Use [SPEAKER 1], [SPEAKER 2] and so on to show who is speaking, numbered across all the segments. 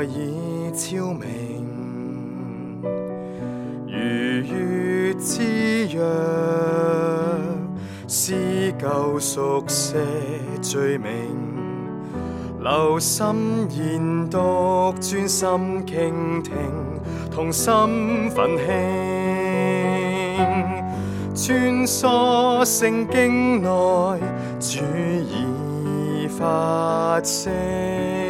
[SPEAKER 1] 愛已昭明，如月之約，撕舊熟寫罪名，留心研讀，專心傾聽，同心奮興，穿梭聖經內，主已發聲。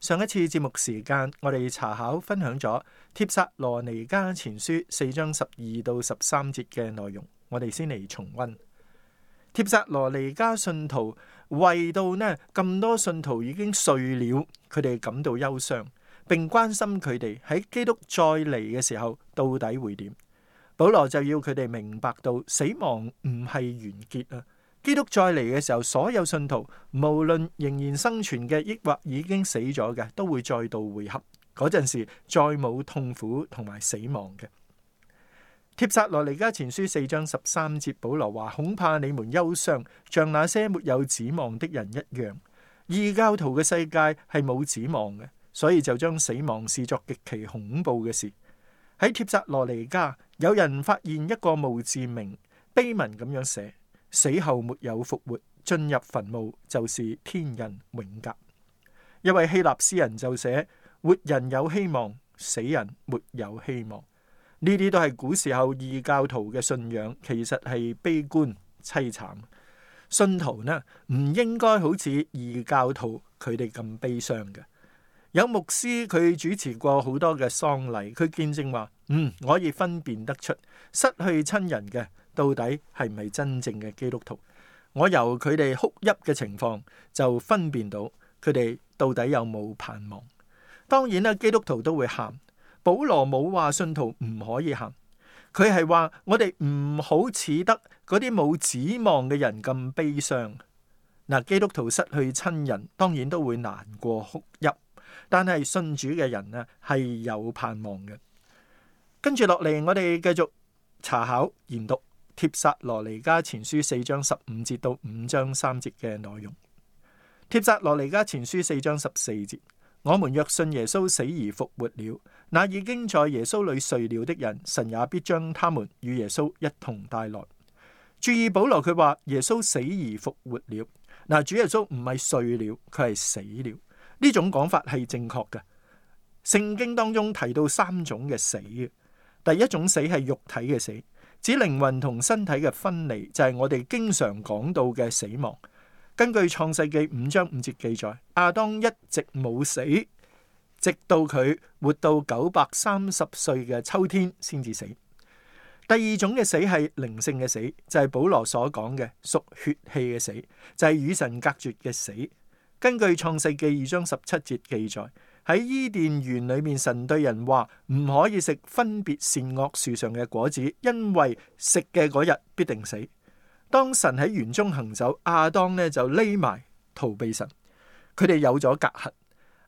[SPEAKER 1] 上一次節目時間，我哋查考分享咗帖撒羅尼加前書四章十二到十三節嘅內容，我哋先嚟重溫。帖撒羅尼加信徒為到呢咁多信徒已經睡了，佢哋感到憂傷，並關心佢哋喺基督再嚟嘅時候到底會點。保羅就要佢哋明白到死亡唔係完結啊。基督再嚟嘅時候，所有信徒無論仍然生存嘅，抑或已經死咗嘅，都會再度匯合。嗰陣時再冇痛苦同埋死亡嘅。帖撒羅尼迦前書四章十三節，保羅話：恐怕你們憂傷，像那些沒有指望的人一樣。異教徒嘅世界係冇指望嘅，所以就將死亡視作極其恐怖嘅事。喺帖撒羅尼迦，有人發現一個墓誌銘碑文咁樣寫。死後沒有復活，進入墳墓就是天人永隔。一位希臘詩人就寫：活人有希望，死人沒有希望。呢啲都係古時候異教徒嘅信仰，其實係悲觀凄慘。信徒呢唔應該好似異教徒佢哋咁悲傷嘅。有牧師佢主持過好多嘅喪禮，佢見證話：嗯，我可以分辨得出失去親人嘅。到底係唔係真正嘅基督徒？我由佢哋哭泣嘅情況就分辨到佢哋到底有冇盼望？當然啦，基督徒都會喊。保羅冇話信徒唔可以喊，佢係話，我哋唔好似得嗰啲冇指望嘅人咁悲傷。嗱，基督徒失去親人，當然都會難過哭泣，但係信主嘅人呢，係有盼望嘅。跟住落嚟，我哋繼續查考研讀。帖撒羅尼加前書四章十五節到五章三節嘅內容，帖撒羅尼迦前書四章十四節，我們若信耶穌死而復活了，那已經在耶穌裏睡了的人，神也必將他們與耶穌一同帶來。注意保羅佢話耶穌死而復活了，嗱，主耶穌唔係睡了，佢係死了，呢種講法係正確嘅。聖經當中提到三種嘅死，第一種死係肉體嘅死。指靈魂同身體嘅分離就係我哋經常講到嘅死亡。根據創世記五章五節記載，亞當一直冇死，直到佢活到九百三十歲嘅秋天先至死。第二種嘅死係靈性嘅死，就係保羅所講嘅屬血氣嘅死，就係與神隔絕嘅死。根據創世記二章十七節記載。喺伊甸園裏面，神對人話唔可以食分別善惡樹上嘅果子，因為食嘅嗰日必定死。當神喺園中行走，亞當呢就匿埋逃避神，佢哋有咗隔閡。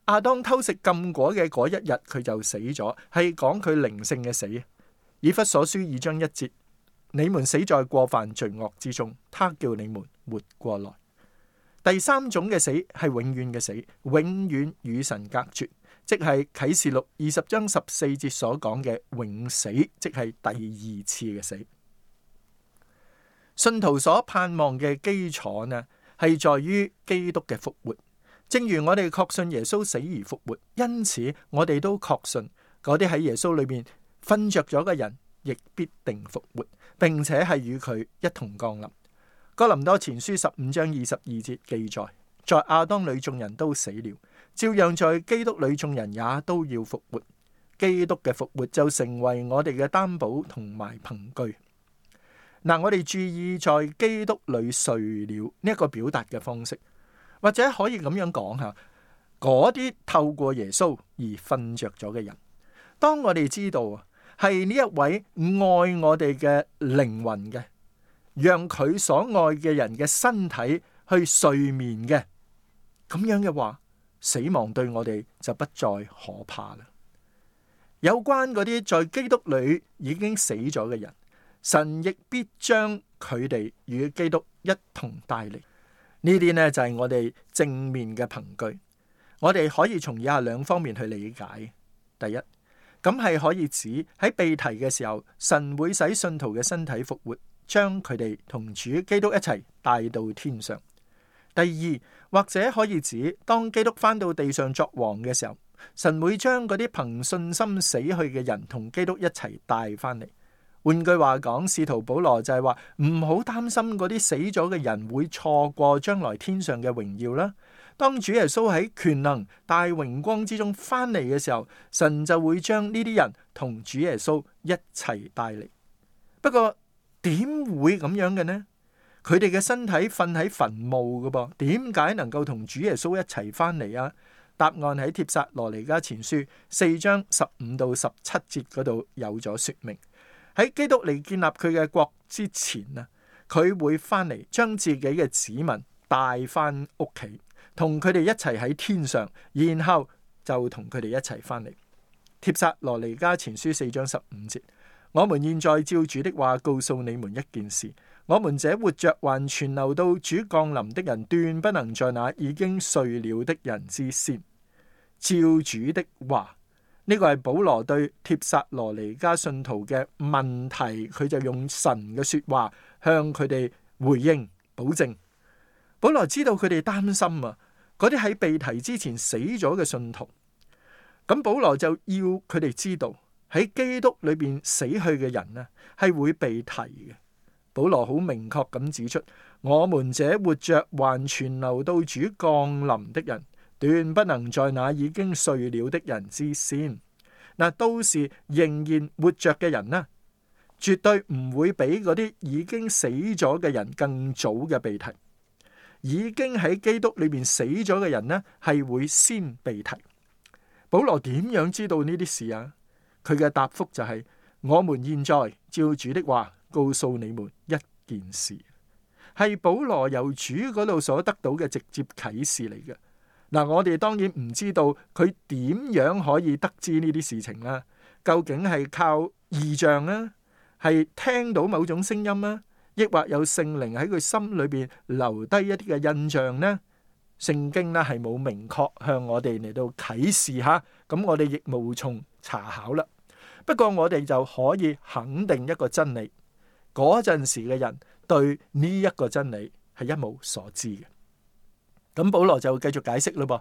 [SPEAKER 1] 亞當偷食禁果嘅嗰一日，佢就死咗，係講佢靈性嘅死。以弗所書二章一節：你們死在過犯罪惡之中，他叫你們活過來。第三種嘅死係永遠嘅死，永遠與神隔絕，即係啟示錄二十章十四節所講嘅永死，即係第二次嘅死。信徒所盼望嘅基礎呢，係在於基督嘅復活。正如我哋確信耶穌死而復活，因此我哋都確信嗰啲喺耶穌裏面瞓着咗嘅人，亦必定復活，並且係與佢一同降臨。哥林多前書十五章二十二節記載：在亞當裏眾人都死了，照樣在基督裏眾人也都要復活。基督嘅復活就成為我哋嘅擔保同埋憑據。嗱，我哋注意在基督裏睡了呢一個表達嘅方式，或者可以咁樣講吓，嗰啲透過耶穌而瞓着咗嘅人，當我哋知道係呢一位愛我哋嘅靈魂嘅。讓佢所愛嘅人嘅身體去睡眠嘅，咁樣嘅話，死亡對我哋就不再可怕啦。有關嗰啲在基督裏已經死咗嘅人，神亦必將佢哋與基督一同帶嚟。呢啲呢，就係我哋正面嘅憑據。我哋可以從以下兩方面去理解：第一，咁係可以指喺被提嘅時候，神會使信徒嘅身體復活。將佢哋同主基督一齊帶到天上。第二，或者可以指當基督翻到地上作王嘅時候，神會將嗰啲憑信心死去嘅人同基督一齊帶翻嚟。換句話講，使徒保羅就係話唔好擔心嗰啲死咗嘅人會錯過將來天上嘅榮耀啦。當主耶穌喺權能大榮光之中翻嚟嘅時候，神就會將呢啲人同主耶穌一齊帶嚟。不過，點會咁樣嘅呢？佢哋嘅身體瞓喺墳墓㗎噃，點解能夠同主耶穌一齊翻嚟啊？答案喺帖撒羅尼迦前書四章十五到十七節嗰度有咗說明。喺基督嚟建立佢嘅國之前啊，佢會翻嚟，將自己嘅子民帶翻屋企，同佢哋一齊喺天上，然後就同佢哋一齊翻嚟。帖撒羅尼迦前書四章十五節。我們現在照主的話告訴你們一件事，我們這活着還存留到主降臨的人，斷不能在那已經睡了的人之先。照主的話，呢、這個係保羅對帖撒羅尼迦信徒嘅問題，佢就用神嘅說話向佢哋回應、保證。保羅知道佢哋擔心啊，嗰啲喺被提之前死咗嘅信徒，咁保羅就要佢哋知道。喺基督裏邊死去嘅人呢，係會被提嘅。保羅好明確咁指出，我們這活着還存留到主降臨的人，斷不能在那已經睡了的人之先。嗱，到時仍然活着嘅人呢，絕對唔會比嗰啲已經死咗嘅人更早嘅被提。已經喺基督裏邊死咗嘅人呢，係會先被提。保羅點樣知道呢啲事啊？佢嘅答覆就係：「我們現在照主的話告訴你們一件事，係保羅由主嗰度所得到嘅直接啟示嚟嘅。嗱，我哋當然唔知道佢點樣可以得知呢啲事情啦，究竟係靠異象啊，係聽到某種聲音啊，抑或有聖靈喺佢心裏邊留低一啲嘅印象呢？聖經呢係冇明確向我哋嚟到啟示吓，咁我哋亦無從查考啦。不過我哋就可以肯定一個真理，嗰陣時嘅人對呢一個真理係一無所知嘅。咁保羅就繼續解釋嘞。噃，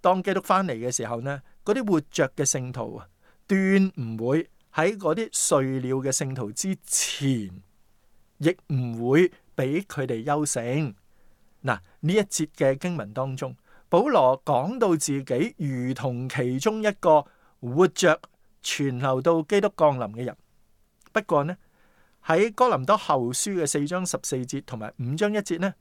[SPEAKER 1] 當基督翻嚟嘅時候呢，嗰啲活着嘅聖徒啊，斷唔會喺嗰啲睡了嘅聖徒之前，亦唔會俾佢哋優勝。嗱，呢一節嘅經文當中，保羅講到自己如同其中一個活着。傳流到基督降臨嘅人，不過呢，喺哥林多後書嘅四章十四節同埋五章一節呢，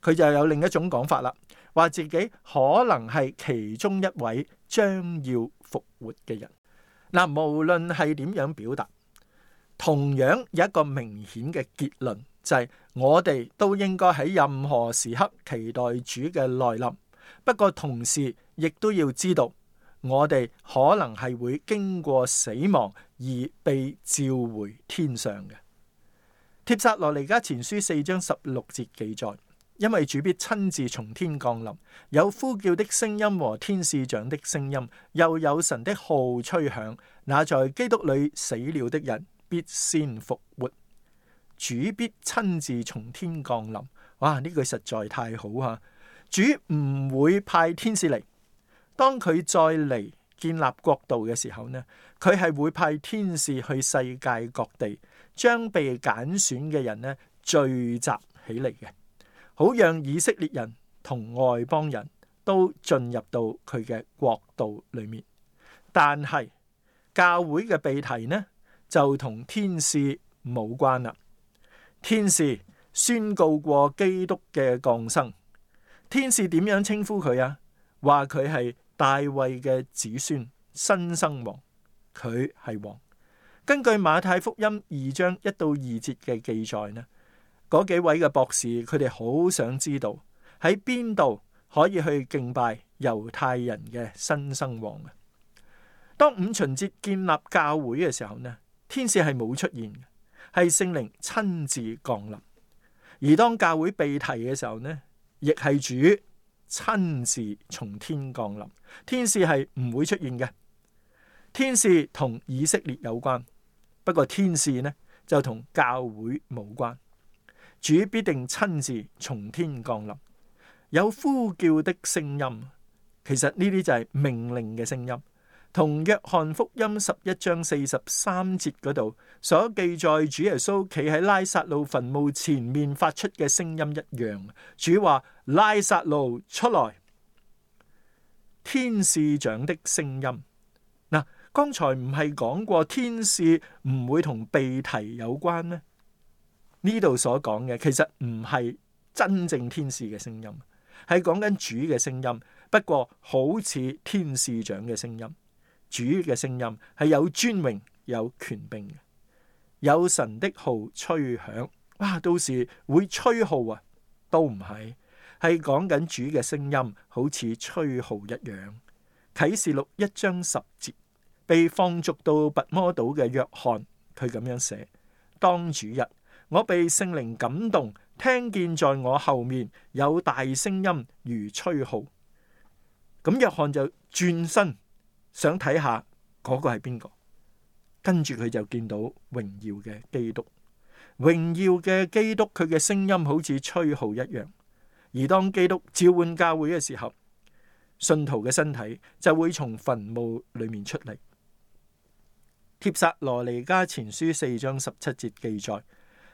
[SPEAKER 1] 佢就有另一種講法啦，話自己可能係其中一位將要復活嘅人。嗱，無論係點樣表達，同樣有一個明顯嘅結論，就係我哋都應該喺任何時刻期待主嘅來臨。不過同時，亦都要知道。我哋可能係會經過死亡而被召回天上嘅。帖撒羅尼迦前書四章十六節記載：因為主必親自從天降臨，有呼叫的聲音和天使長的聲音，又有神的號吹響，那在基督裏死了的人必先復活。主必親自從天降臨。哇，呢句實在太好啊！主唔會派天使嚟。當佢再嚟建立國度嘅時候呢，佢係會派天使去世界各地，將被揀選嘅人呢聚集起嚟嘅，好讓以色列人同外邦人都進入到佢嘅國度裏面。但係教會嘅被提呢，就同天使冇關啦。天使宣告過基督嘅降生，天使點樣稱呼佢啊？話佢係。大衛嘅子孫新生王，佢係王。根據馬太福音二章一到二節嘅記載呢，嗰幾位嘅博士，佢哋好想知道喺邊度可以去敬拜猶太人嘅新生王啊。當五旬節建立教會嘅時候呢，天使係冇出現嘅，係聖靈親自降臨。而當教會被提嘅時候呢，亦係主。親自從天降臨，天使係唔會出現嘅。天使同以色列有關，不過天使呢就同教會無關。主必定親自從天降臨，有呼叫的聲音，其實呢啲就係命令嘅聲音。同約翰福音十一章四十三節嗰度所記載，主耶穌企喺拉撒路墳墓前面發出嘅聲音一樣。主話：拉撒路出來。天使長的聲音嗱、啊，剛才唔係講過天使唔會同被提有關咩？呢度所講嘅其實唔係真正天使嘅聲音，係講緊主嘅聲音，不過好似天使長嘅聲音。主嘅聲音係有尊榮、有權柄、有神的號吹響。哇，到時會吹號啊？都唔係，係講緊主嘅聲音，好似吹號一樣。啟示錄一章十節，被放逐到拔摩島嘅約翰，佢咁樣寫：當主日，我被聖靈感動，聽見在我後面有大聲音如吹號。咁約翰就轉身。想睇下嗰、那個係邊個，跟住佢就見到榮耀嘅基督，榮耀嘅基督，佢嘅聲音好似吹號一樣。而當基督召喚教會嘅時候，信徒嘅身體就會從墳墓裏面出嚟。帖撒羅尼迦前書四章十七節記載：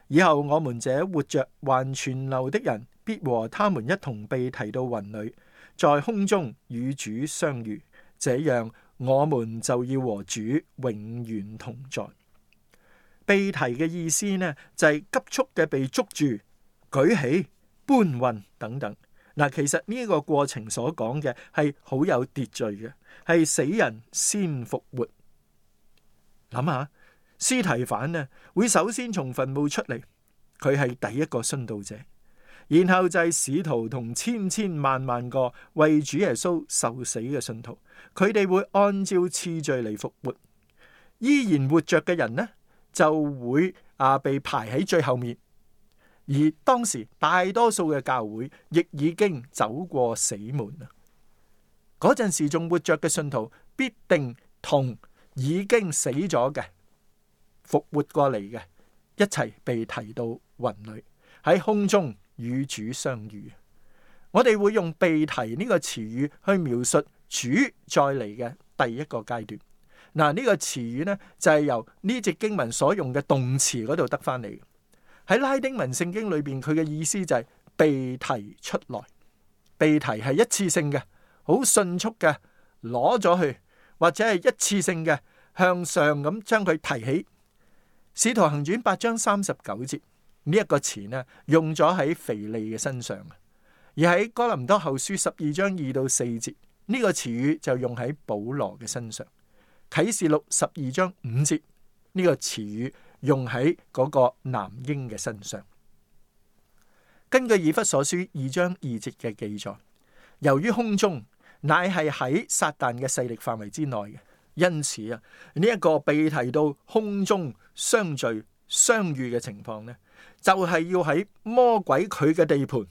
[SPEAKER 1] 以後我們這活着還存留的人，必和他們一同被提到雲裏，在空中與主相遇，這樣。我們就要和主永遠同在。被提嘅意思呢，就係急速嘅被捉住、舉起、搬運等等。嗱，其實呢個過程所講嘅係好有秩序嘅，係死人先復活。諗下司提反呢，會首先從墳墓出嚟，佢係第一個殉道者。然後就係使徒同千千萬萬個為主耶穌受死嘅信徒，佢哋會按照次序嚟復活。依然活着嘅人呢，就會啊被排喺最後面。而當時大多數嘅教會亦已經走過死門。嗰陣時仲活着嘅信徒，必定同已經死咗嘅復活過嚟嘅一齊被提到雲裏，喺空中。與主相遇，我哋會用被提呢個詞語去描述主再嚟嘅第一個階段。嗱，呢個詞語呢，就係、是、由呢節經文所用嘅動詞嗰度得翻嚟嘅。喺拉丁文聖經裏邊，佢嘅意思就係被提出來，被提係一次性嘅，好迅速嘅攞咗去，或者係一次性嘅向上咁將佢提起。使徒行傳八章三十九節。呢一個詞呢、啊、用咗喺腓利嘅身上，而喺哥林多後書十二章二到四節呢個詞語就用喺保羅嘅身上，啟示錄十二章五節呢個詞語用喺嗰個男嬰嘅身上。根據以弗所書二章二節嘅記載，由於空中乃係喺撒旦嘅勢力範圍之內嘅，因此啊呢一個被提到空中相聚。相遇嘅情況呢，就係要喺魔鬼佢嘅地盤，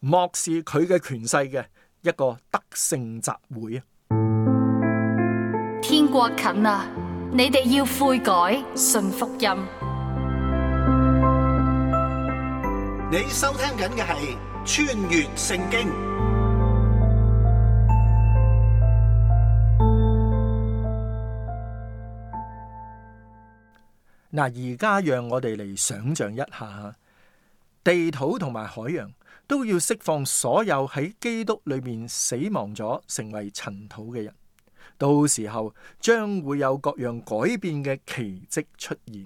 [SPEAKER 1] 漠視佢嘅權勢嘅一個得勝集會啊！天國近啊，你哋要悔改信福音。你收聽緊嘅係穿越聖經。嗱，而家讓我哋嚟想象一下，地土同埋海洋都要釋放所有喺基督裏面死亡咗成為塵土嘅人，到時候將會有各樣改變嘅奇蹟出現。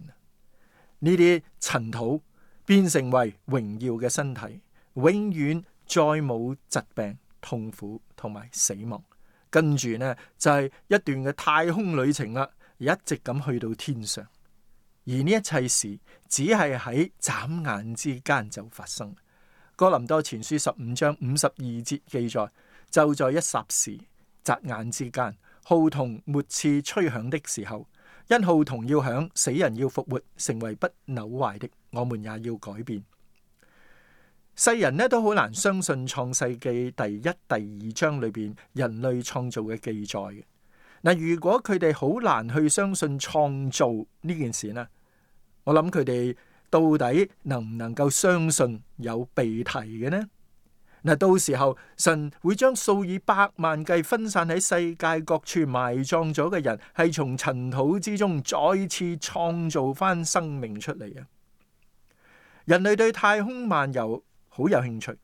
[SPEAKER 1] 呢啲塵土變成為榮耀嘅身體，永遠再冇疾病、痛苦同埋死亡。跟住呢就係一段嘅太空旅程啦，一直咁去到天上。而呢一切事只係喺眨眼之間就發生。哥林多前書十五章五十二節記載， 就在一霎時、眨眼之間，號筒末次吹響的時候，因號筒要響，死人要復活，成為不朽壞的，我們也要改變。世人呢都好難相信創世記第一、第二章裏邊人類創造嘅記載嘅。嗱，如果佢哋好難去相信創造呢件事呢？我諗佢哋到底能唔能夠相信有被提嘅呢？嗱，到時候神會將數以百萬計分散喺世界各處埋葬咗嘅人，係從塵土之中再次創造翻生命出嚟啊！人類對太空漫遊好有興趣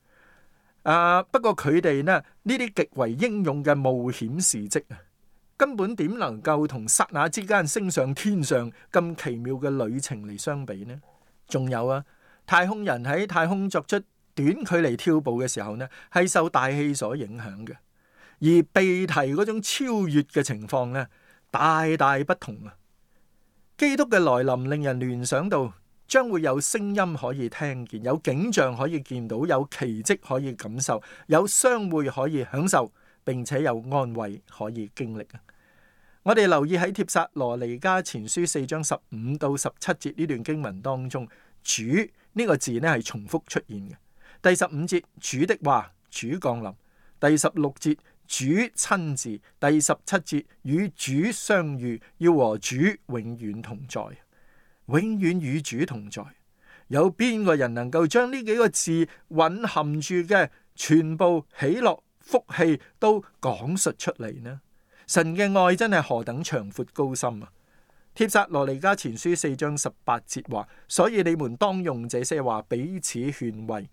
[SPEAKER 1] 啊，不過佢哋呢呢啲極為英勇嘅冒險事蹟根本點能夠同刹那之間升上天上咁奇妙嘅旅程嚟相比呢？仲有啊，太空人喺太空作出短距離跳步嘅時候呢，係受大氣所影響嘅，而被提嗰種超越嘅情況呢，大大不同啊！基督嘅來臨令人聯想到，將會有聲音可以聽見，有景象可以見到，有奇跡可以感受，有相會可以享受。並且有安慰可以經歷啊！我哋留意喺帖撒羅尼迦前書四章十五到十七節呢段經文當中，主呢個字呢係重複出現嘅。第十五節，主的話，主降臨；第十六節，主親自；第十七節，與主相遇，要和主永遠同在，永遠與主同在。有邊個人能夠將呢幾個字蘊含住嘅全部喜樂？福氣都講述出嚟呢，神嘅愛真係何等長闊高深啊！帖撒羅尼迦前書四章十八節話，所以你們當用這些話彼此勸慰。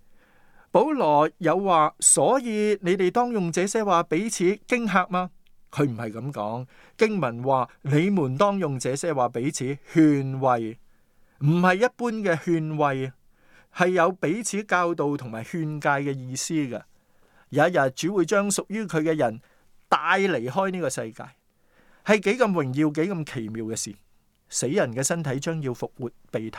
[SPEAKER 1] 保羅有話，所以你哋當用這些話彼此驚嚇嗎？佢唔係咁講，經文話你們當用這些話彼此勸慰，唔係一般嘅勸慰，係有彼此教導同埋勸戒嘅意思嘅。有一日，主會將屬於佢嘅人帶離開呢個世界，係幾咁榮耀、幾咁奇妙嘅事。死人嘅身體將要復活，被提。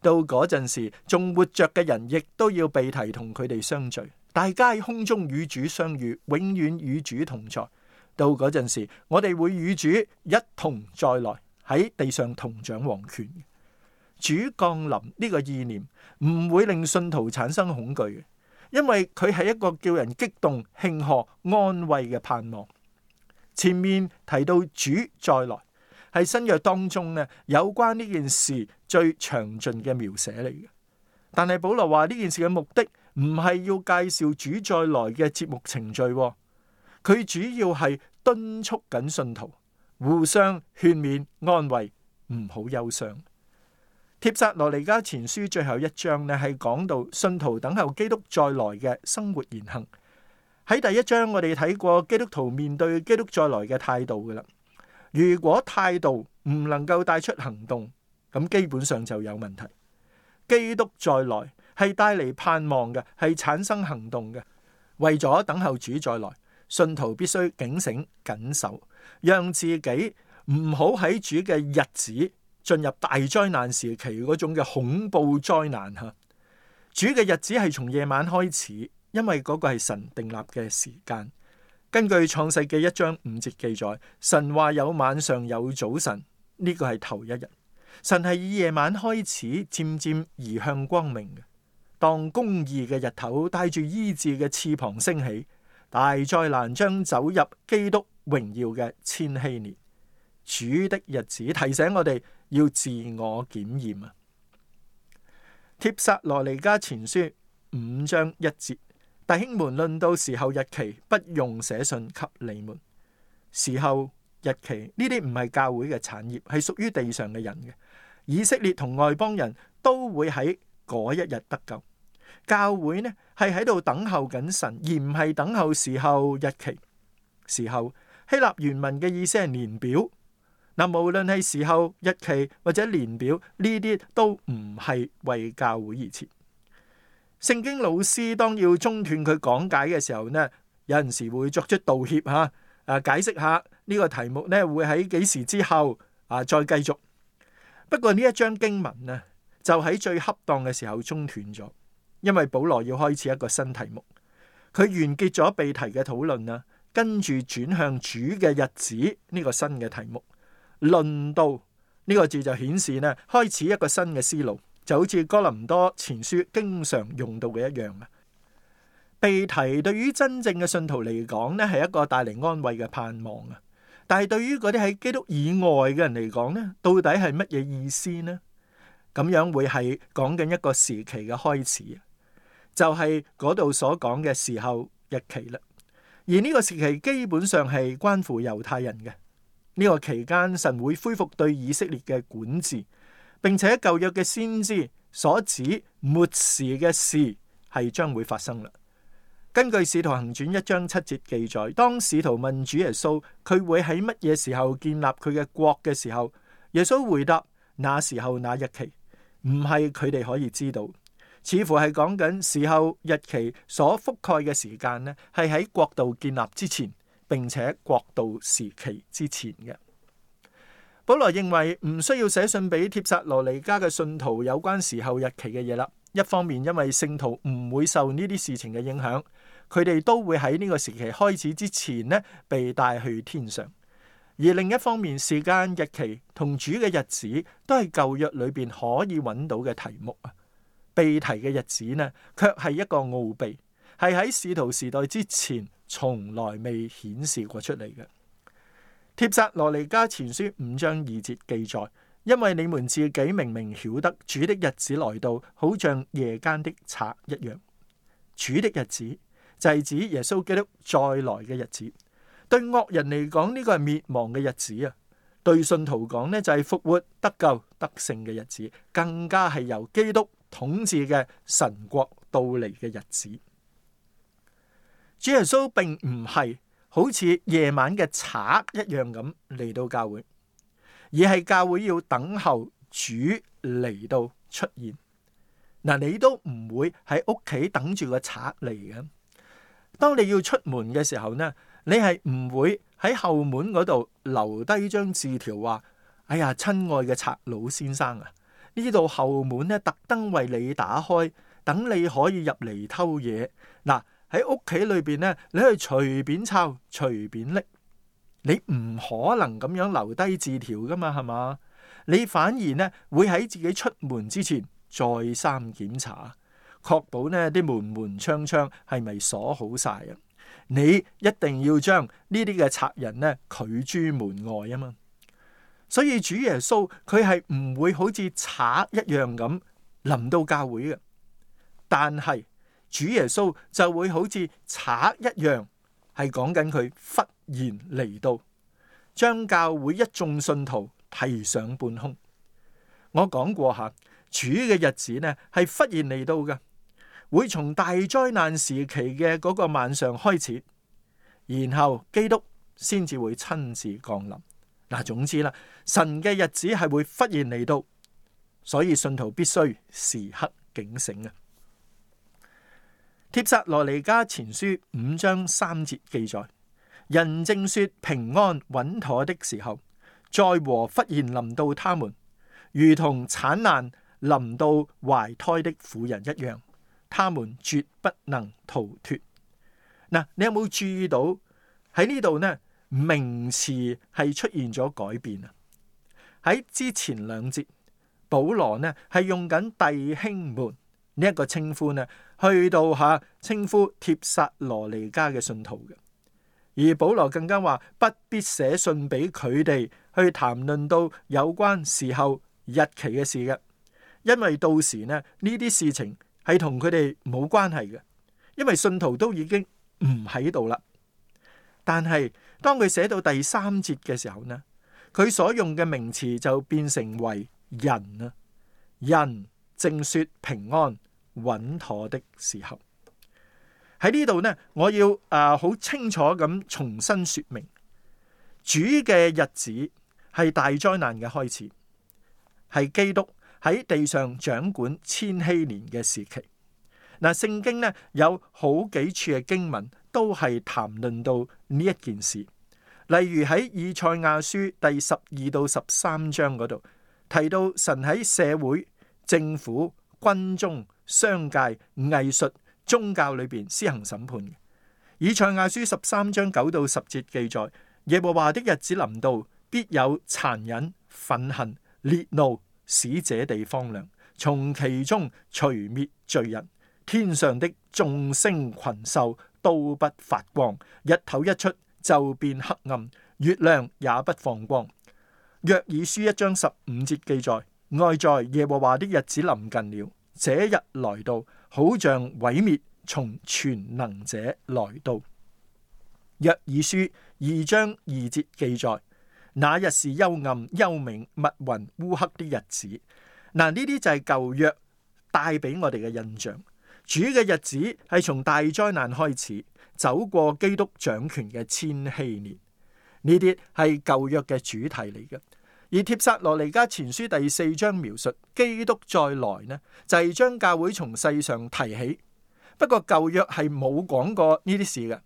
[SPEAKER 1] 到嗰陣時，仲活着嘅人亦都要被提同佢哋相聚。大家喺空中與主相遇，永遠與主同在。到嗰陣時，我哋會與主一同再來喺地上同掌王權。主降臨呢個意念，唔會令信徒產生恐懼。因為佢係一個叫人激動、慶賀、安慰嘅盼望。前面提到主再來係新約當中呢，有關呢件事最詳盡嘅描寫嚟嘅。但係保羅話呢件事嘅目的唔係要介紹主再來嘅節目程序，佢主要係敦促緊信徒互相勸勉、安慰，唔好憂傷。帖撒羅尼迦前書最後一章呢，係講到信徒等候基督再來嘅生活言行。喺第一章我哋睇過基督徒面對基督再來嘅態度㗎喇。如果態度唔能夠帶出行動，咁基本上就有問題。基督再來係帶嚟盼望嘅，係產生行動嘅。為咗等候主再來，信徒必須警醒緊守，讓自己唔好喺主嘅日子，進入大災難時期嗰種嘅恐怖災難吓。主嘅日子係從夜晚開始，因為嗰個係神訂立嘅時間。根據創世記一章五節記載，神話有晚上有早晨，呢、這個係頭一日。神係以夜晚開始，漸漸移向光明嘅。當公義嘅日頭帶住醫治嘅翅膀升起，大災難將走入基督榮耀嘅千禧年。主的日子提醒我哋。要自我檢驗啊！帖撒羅尼迦前書五章一節，弟兄們論到時候日期，不用寫信給你們。時候日期呢啲唔係教會嘅產業，係屬於地上嘅人嘅。以色列同外邦人都會喺嗰一日得救。教會呢係喺度等候緊神，而唔係等候時候日期。時候希臘原文嘅意思係年表。嗱，無論係時候、日期或者年表，呢啲都唔係為教會而設。聖經老師當要中斷佢講解嘅時候呢，有陣時會作出道歉吓，誒，解釋下呢個題目呢會喺幾時之後啊再繼續。不過呢一章經文呢，就喺最恰當嘅時候中斷咗，因為保羅要開始一個新題目，佢完結咗被提嘅討論啊，跟住轉向主嘅日子呢個新嘅題目。論道呢個字就顯示呢，開始一個新嘅思路，就好似哥林多前書經常用到嘅一樣啊。被提對於真正嘅信徒嚟講呢係一個帶嚟安慰嘅盼望啊，但係對於嗰啲喺基督以外嘅人嚟講呢，到底係乜嘢意思呢？咁樣會係講緊一個時期嘅開始，就係嗰度所講嘅時候日期啦。而呢個時期基本上係關乎猶太人嘅。呢個期間，神會恢復對以色列嘅管治，並且舊約嘅先知所指末時嘅事係將會發生啦。根據《使徒行傳》一章七節記載，當使徒問主耶穌佢會喺乜嘢時候建立佢嘅國嘅時候，耶穌回答：那時候那日期，唔係佢哋可以知道。似乎係講緊時候日期所覆蓋嘅時間咧，係喺國度建立之前。並且國度時期之前嘅，保羅認為唔需要寫信俾帖撒羅尼迦嘅信徒有關時候日期嘅嘢啦。一方面因為聖徒唔會受呢啲事情嘅影響，佢哋都會喺呢個時期開始之前呢被帶去天上。而另一方面，時間日期同主嘅日子都係舊約裏邊可以揾到嘅題目啊。被提嘅日子呢，卻係一個奧秘，係喺使徒時代之前，從來未顯示過出嚟嘅。帖撒羅尼迦前書五章二節記載：因為你們自己明明曉得，主的日子來到，好像夜間的賊一樣。主的日子就係指耶穌基督再來嘅日子。對惡人嚟講，呢個係滅亡嘅日子啊；對信徒講呢就係復活得救得勝嘅日子，更加係由基督統治嘅神國到嚟嘅日子。主耶穌並唔係好似夜晚嘅賊一樣咁嚟到教會，而係教會要等候主嚟到出現。嗱，你都唔會喺屋企等住個賊嚟嘅。當你要出門嘅時候呢，你係唔會喺後門嗰度留低張字條話：哎呀，親愛嘅賊老先生啊，呢度後門呢特登為你打開，等你可以入嚟偷嘢。嗱。喺屋企裏邊呢，你去隨便抄隨便拎，你唔可能咁樣留低字條噶嘛，係嘛？你反而呢會喺自己出門之前再三檢查，確保呢啲門門窗窗係咪鎖好晒啊？你一定要將呢啲嘅賊人呢拒諸門外啊嘛！所以主耶穌佢係唔會好似賊一樣咁臨到教會嘅，但係。主耶穌就會好似賊一樣，係講緊佢忽然嚟到，將教會一眾信徒提上半空。我講過吓，主嘅日子呢係忽然嚟到嘅，會從大災難時期嘅嗰個晚上開始，然後基督先至會親自降臨。嗱，總之啦，神嘅日子係會忽然嚟到，所以信徒必須時刻警醒嘅。帖撒羅尼迦前書五章三節記載：人正說平安穩妥的時候，災禍忽然臨到他們，如同產難臨到懷胎的婦人一樣，他們絕不能逃脫。嗱，你有冇注意到喺呢度呢？名詞係出現咗改變啊！喺之前兩節，保羅呢係用緊弟兄們呢一個稱呼呢？去到吓稱呼帖撒羅尼迦嘅信徒嘅，而保羅更加話不必寫信俾佢哋去談論到有關時候日期嘅事嘅，因為到時呢，呢啲事情係同佢哋冇關係嘅，因為信徒都已經唔喺度啦。但係當佢寫到第三節嘅時候呢，佢所用嘅名詞就變成為人啊，人正說平安。穩妥的時候喺呢度呢，我要啊好、呃、清楚咁重新說明主嘅日子係大災難嘅開始，係基督喺地上掌管千禧年嘅時期。嗱，聖經呢有好幾處嘅經文都係談論到呢一件事，例如喺以賽亞書第十二到十三章嗰度提到神喺社會、政府、軍中。商界、藝術、宗教裏邊施行審判。以賽亞書十三章九到十節記載：耶和華的日子臨到，必有殘忍、憤恨、烈怒，使這地荒涼。從其中除滅罪人，天上的眾星群獸都不發光，日頭一出就變黑暗，月亮也不放光。約珥書一章十五節記載：哀哉耶和華的日子臨近了。這日來到，好像毀滅從全能者來到。約珥書二章二節記載，那日是幽暗、幽冥、密雲、烏黑的日子。嗱，呢啲就係舊約帶俾我哋嘅印象。主嘅日子係從大災難開始，走過基督掌權嘅千禧年。呢啲係舊約嘅主題嚟嘅。而帖撒羅尼迦前書第四章描述基督再來呢，就係將教會從世上提起。不過舊約係冇講過呢啲事嘅。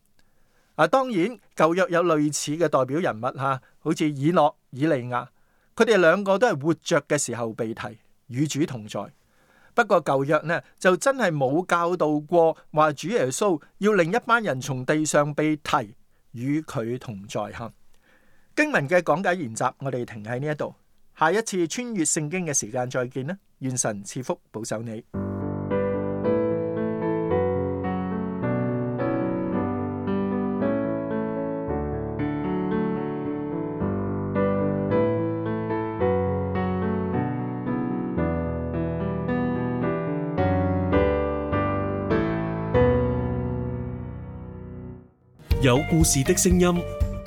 [SPEAKER 1] 啊，當然舊約有類似嘅代表人物吓，啊，好似以諾、以利亞，佢哋兩個都係活着嘅時候被提與主同在。不過舊約呢就真係冇教導過話主耶穌要另一班人從地上被提與佢同在吓。經文嘅講解原則，我哋停喺呢一度。下一次穿越聖經嘅時間再見啦！願神賜福保守你。有故事的聲音。